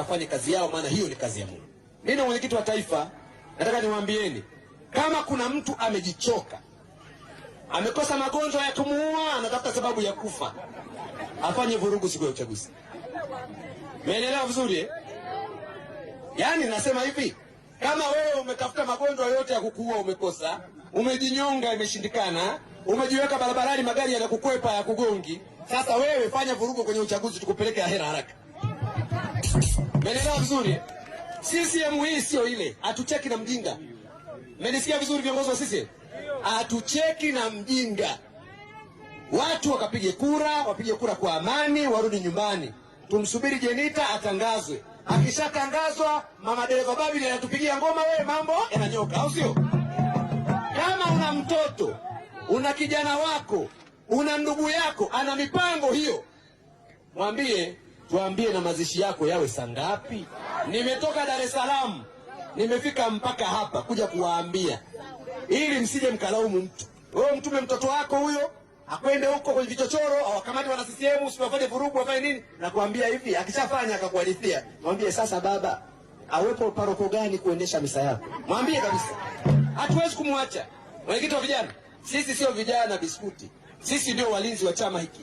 wakafanye kazi yao, maana hiyo ni kazi ya Mungu. Mimi na mwenyekiti wa taifa, nataka niwaambieni kama kuna mtu amejichoka, amekosa magonjwa ya kumuua, anatafuta sababu ya kufa, afanye vurugu siku ya uchaguzi. Umeelewa vizuri eh? Yaani nasema hivi, kama wewe umetafuta magonjwa yote ya kukuua umekosa, umejinyonga imeshindikana, umejiweka barabarani, magari yanakukwepa ya kugongi, sasa wewe fanya vurugu kwenye uchaguzi, tukupeleke ahera haraka. Menelewa vizuri? CCM hii sio ile, hatucheki na mjinga. Menisikia vizuri viongozi wa CCM? Hatucheki na mjinga. Watu wakapige kura, wapige kura kwa amani, warudi nyumbani. Tumsubiri Jenita atangazwe. Akishatangazwa mama dereva Babili anatupigia ngoma, wewe mambo yananyoka, au sio? Kama una mtoto, una kijana wako, una ndugu yako ana mipango hiyo, mwambie tuambie na mazishi yako yawe saa ngapi? Nimetoka Dar es Salaam nimefika mpaka hapa kuja kuwaambia ili msije mkalaumu mtu. Wewe mtume mtoto wako huyo akwende huko kwenye vichochoro au akamate wana CCM, usiwafanye vurugu, wafanye nini? Nakwambia hivi, akishafanya akakuhadithia, mwambie sasa, baba awepo paroko gani kuendesha misa yako? Mwambie kabisa, hatuwezi kumwacha. Mwenyekiti wa vijana, sisi sio vijana biskuti, sisi ndio walinzi wa chama hiki.